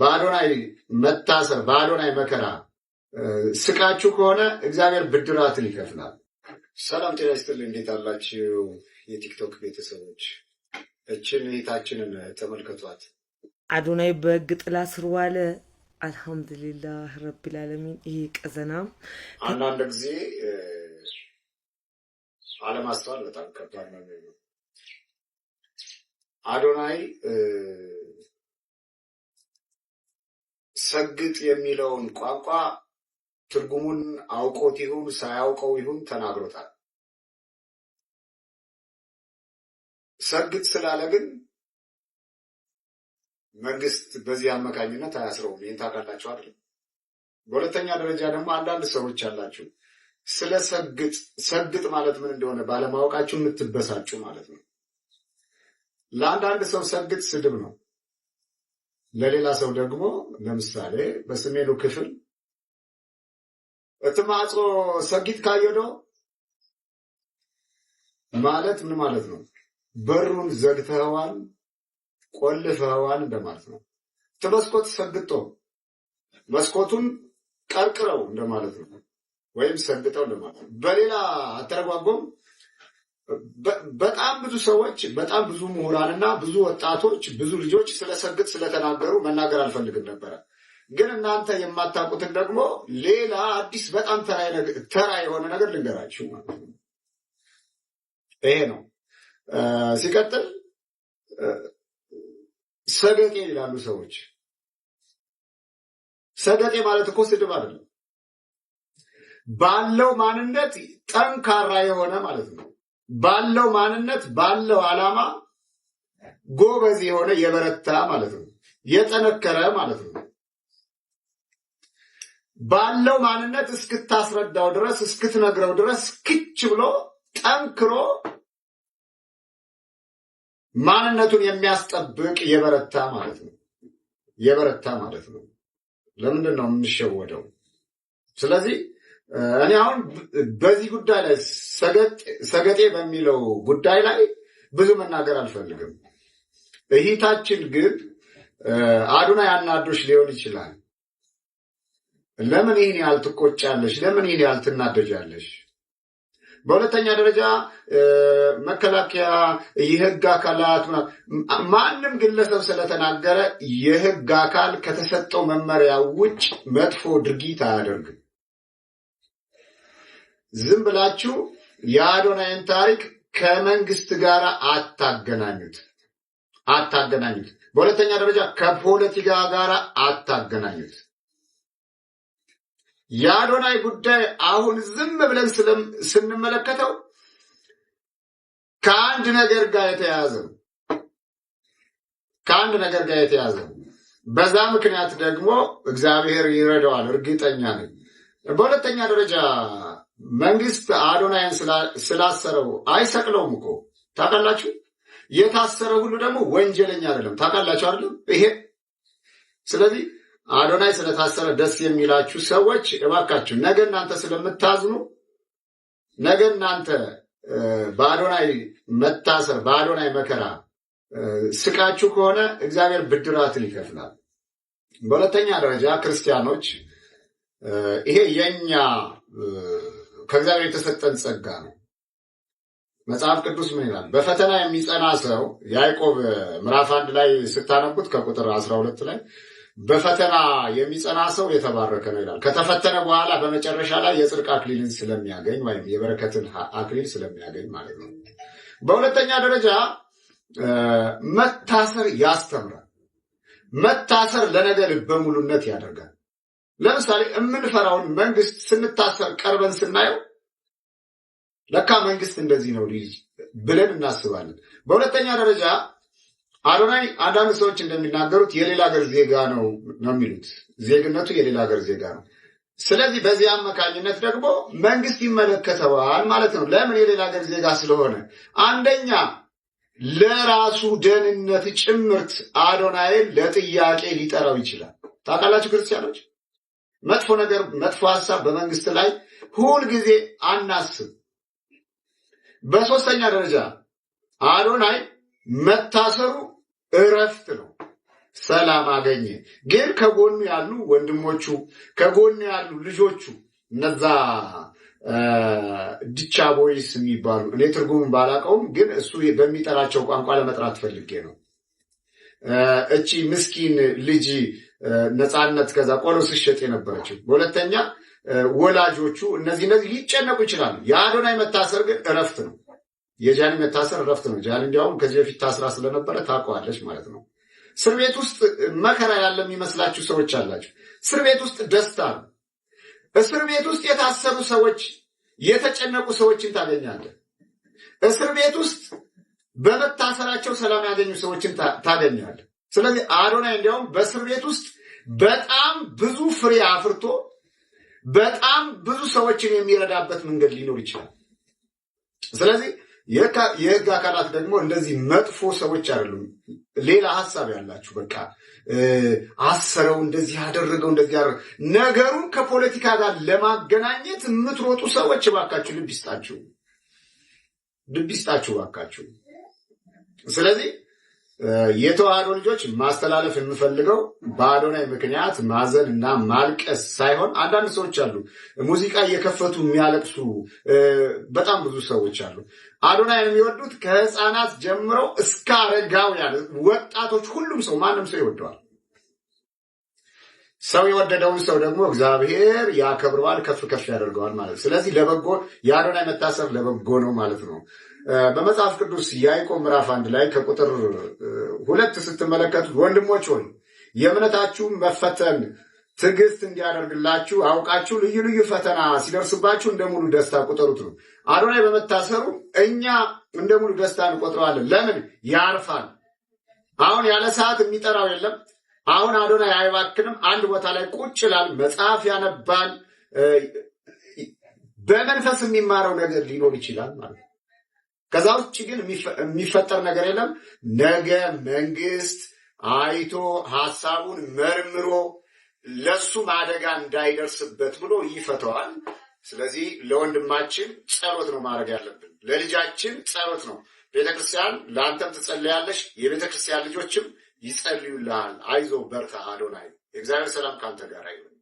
በአዶናይ መታሰር፣ በአዶናይ መከራ ስቃችሁ ከሆነ እግዚአብሔር ብድራትን ይከፍላል። ሰላም ጤና ይስጥልኝ። እንዴት አላችሁ የቲክቶክ ቤተሰቦች? እችን እህታችንን ተመልከቷት። አዶናይ በህግ ጥላ ስር ዋለ። አልሐምዱሊላህ ይህ ቀዘናም አንዳንድ ጊዜ አለማስተዋል በጣም ከባድ ነው። አዶናይ ሰግጥ የሚለውን ቋንቋ ትርጉሙን አውቆት ይሁን ሳያውቀው ይሁን ተናግሮታል። ሰግጥ ስላለ ግን መንግስት በዚህ አማካኝነት አያስረውም። ይህን ታውቃላችሁ አይደል? በሁለተኛ ደረጃ ደግሞ አንዳንድ ሰዎች አላችሁ ስለ ሰግጥ ሰግጥ ማለት ምን እንደሆነ ባለማወቃችሁ የምትበሳችሁ ማለት ነው። ለአንዳንድ ሰው ሰግጥ ስድብ ነው። ለሌላ ሰው ደግሞ ለምሳሌ በሰሜኑ ክፍል እትማጾ ሰጊት ካየዶ ማለት ምን ማለት ነው? በሩን ዘግተዋል፣ ቆልፈዋል እንደማለት ነው። ትመስኮት ሰግጦ መስኮቱን ቀርቅረው እንደማለት ነው፣ ወይም ሰግጠው እንደማለት ነው። በሌላ አተረጓጎም በጣም ብዙ ሰዎች በጣም ብዙ ምሁራን እና ብዙ ወጣቶች ብዙ ልጆች ስለ ስለተናገሩ መናገር አልፈልግም ነበረ። ግን እናንተ የማታውቁትን ደግሞ ሌላ አዲስ በጣም ተራ የሆነ ነገር ልንገራችሁ ማለት ነው። ይሄ ነው። ሲቀጥል ሰገጤ ይላሉ ሰዎች። ሰገጤ ማለት እኮ ስድብ አይደለም፣ ባለው ማንነት ጠንካራ የሆነ ማለት ነው። ባለው ማንነት ባለው ዓላማ ጎበዝ የሆነ የበረታ ማለት ነው፣ የጠነከረ ማለት ነው። ባለው ማንነት እስክታስረዳው ድረስ እስክትነግረው ድረስ ክች ብሎ ጠንክሮ ማንነቱን የሚያስጠብቅ የበረታ ማለት ነው። የበረታ ማለት ነው። ለምንድን ነው የምንሸወደው? ስለዚህ እኔ አሁን በዚህ ጉዳይ ላይ ሰገጤ በሚለው ጉዳይ ላይ ብዙ መናገር አልፈልግም። እሂታችን ግን አዱና ያናዶች ሊሆን ይችላል። ለምን ይህን ያህል ትቆጫለሽ? ለምን ይህን ያህል ትናደጃለሽ? በሁለተኛ ደረጃ መከላከያ፣ የህግ አካላት ማንም ግለሰብ ስለተናገረ የህግ አካል ከተሰጠው መመሪያ ውጭ መጥፎ ድርጊት አያደርግም። ዝም ብላችሁ የአዶናይን ታሪክ ከመንግስት ጋር አታገናኙት አታገናኙት። በሁለተኛ ደረጃ ከፖለቲካ ጋር አታገናኙት። የአዶናይ ጉዳይ አሁን ዝም ብለን ስንመለከተው ከአንድ ነገር ጋር የተያያዘ ነው። ከአንድ ነገር ጋር የተያያዘ ነው። በዛ ምክንያት ደግሞ እግዚአብሔር ይረዳዋል፣ እርግጠኛ ነኝ። በሁለተኛ ደረጃ መንግስት አዶናይን ስላሰረው አይሰቅለውም እኮ ታውቃላችሁ። የታሰረ ሁሉ ደግሞ ወንጀለኛ አይደለም። ታውቃላችሁ አይደለም ይሄ። ስለዚህ አዶናይ ስለታሰረ ደስ የሚላችሁ ሰዎች እባካችሁ ነገ እናንተ ስለምታዝኑ ነገ እናንተ በአዶናይ መታሰር በአዶናይ መከራ ስቃችሁ ከሆነ እግዚአብሔር ብድራትን ይከፍላል። በሁለተኛ ደረጃ ክርስቲያኖች ይሄ የእኛ ከእግዚአብሔር የተሰጠን ጸጋ ነው። መጽሐፍ ቅዱስ ምን ይላል? በፈተና የሚጸና ሰው ያዕቆብ ምዕራፍ አንድ ላይ ስታነቡት ከቁጥር አስራ ሁለት ላይ በፈተና የሚጸና ሰው የተባረከ ነው ይላል። ከተፈተነ በኋላ በመጨረሻ ላይ የጽድቅ አክሊልን ስለሚያገኝ ወይም የበረከትን አክሊል ስለሚያገኝ ማለት ነው። በሁለተኛ ደረጃ መታሰር ያስተምራል። መታሰር ለነገ በሙሉነት ያደርጋል። ለምሳሌ የምንፈራውን መንግስት ስንታሰር ቀርበን ስናየው ለካ መንግስት እንደዚህ ነው ልጅ ብለን እናስባለን። በሁለተኛ ደረጃ አዶናይ አንዳንድ ሰዎች እንደሚናገሩት የሌላ ሀገር ዜጋ ነው ነው የሚሉት ዜግነቱ የሌላ ሀገር ዜጋ ነው። ስለዚህ በዚህ አማካኝነት ደግሞ መንግስት ይመለከተዋል ማለት ነው። ለምን? የሌላ ሀገር ዜጋ ስለሆነ። አንደኛ ለራሱ ደህንነት ጭምርት አዶናይን ለጥያቄ ሊጠራው ይችላል። ታውቃላችሁ ክርስቲያኖች መጥፎ ነገር፣ መጥፎ ሀሳብ በመንግስት ላይ ሁል ጊዜ አናስብ። በሶስተኛ ደረጃ አዶናይ መታሰሩ እረፍት ነው፣ ሰላም አገኘ። ግን ከጎኑ ያሉ ወንድሞቹ፣ ከጎኑ ያሉ ልጆቹ እነዛ ድቻ ቦይስ የሚባሉ እኔ ትርጉሙን ባላቀውም ግን እሱ በሚጠራቸው ቋንቋ ለመጥራት ፈልጌ ነው። እቺ ምስኪን ልጅ ነፃነት፣ ከዛ ቆሎ ስሸጥ የነበረችው በሁለተኛ ወላጆቹ እነዚህ እነዚህ ሊጨነቁ ይችላሉ። የአዶናይ መታሰር ግን እረፍት ነው። የጃኒ መታሰር እረፍት ነው። ጃኒ እንዲያውም ከዚህ በፊት ታስራ ስለነበረ ታውቀዋለች ማለት ነው። እስር ቤት ውስጥ መከራ ያለ የሚመስላችሁ ሰዎች አላችሁ። እስር ቤት ውስጥ ደስታ ነው። እስር ቤት ውስጥ የታሰሩ ሰዎች፣ የተጨነቁ ሰዎችን ታገኛለህ። እስር ቤት ውስጥ በመታሰራቸው ሰላም ያገኙ ሰዎችን ታገኛለህ። ስለዚህ አዶናይ እንዲያውም በእስር ቤት ውስጥ በጣም ብዙ ፍሬ አፍርቶ በጣም ብዙ ሰዎችን የሚረዳበት መንገድ ሊኖር ይችላል። ስለዚህ የህግ አካላት ደግሞ እንደዚህ መጥፎ ሰዎች አይደሉም። ሌላ ሀሳብ ያላችሁ በቃ አሰረው፣ እንደዚህ ያደረገው፣ እንደዚህ ያደረገው ነገሩን ከፖለቲካ ጋር ለማገናኘት የምትሮጡ ሰዎች እባካችሁ ልብ ይስጣችሁ፣ ልብ ይስጣችሁ እባካችሁ። ስለዚህ የተዋህዶ ልጆች ማስተላለፍ የምፈልገው በአዶናይ ምክንያት ማዘን እና ማልቀስ ሳይሆን አንዳንድ ሰዎች አሉ፣ ሙዚቃ እየከፈቱ የሚያለቅሱ በጣም ብዙ ሰዎች አሉ። አዶናይ የሚወዱት ከህፃናት ጀምሮ እስከ አረጋውያን ወጣቶች፣ ሁሉም ሰው ማንም ሰው ይወደዋል። ሰው የወደደውን ሰው ደግሞ እግዚአብሔር ያከብረዋል፣ ከፍ ከፍ ያደርገዋል ማለት። ስለዚህ ለበጎ የአዶናይ መታሰብ ለበጎ ነው ማለት ነው። በመጽሐፍ ቅዱስ ያዕቆብ ምዕራፍ አንድ ላይ ከቁጥር ሁለት ስትመለከቱት ወንድሞች ሆይ የእምነታችሁ መፈተን ትዕግስት እንዲያደርግላችሁ አውቃችሁ ልዩ ልዩ ፈተና ሲደርስባችሁ እንደ ሙሉ ደስታ ቁጠሩት ነው። አዶናይ በመታሰሩ እኛ እንደ ሙሉ ደስታ እንቆጥረዋለን። ለምን? ያርፋል። አሁን ያለ ሰዓት የሚጠራው የለም አሁን አዶናይ አይባክንም። አንድ ቦታ ላይ ቁጭ ይላል፣ መጽሐፍ ያነባል፣ በመንፈስ የሚማረው ነገር ሊኖር ይችላል ማለት ነው። ከዛ ውጭ ግን የሚፈጠር ነገር የለም። ነገ መንግስት አይቶ ሀሳቡን መርምሮ ለሱም አደጋ እንዳይደርስበት ብሎ ይፈተዋል። ስለዚህ ለወንድማችን ጸሎት ነው ማድረግ ያለብን፣ ለልጃችን ጸሎት ነው። ቤተክርስቲያን ለአንተም ትጸለያለሽ፣ የቤተክርስቲያን ልጆችም ይጸልዩልሃል። አይዞ በርታ፣ አዶናይ የእግዚአብሔር ሰላም ካንተ ጋር ይሁን።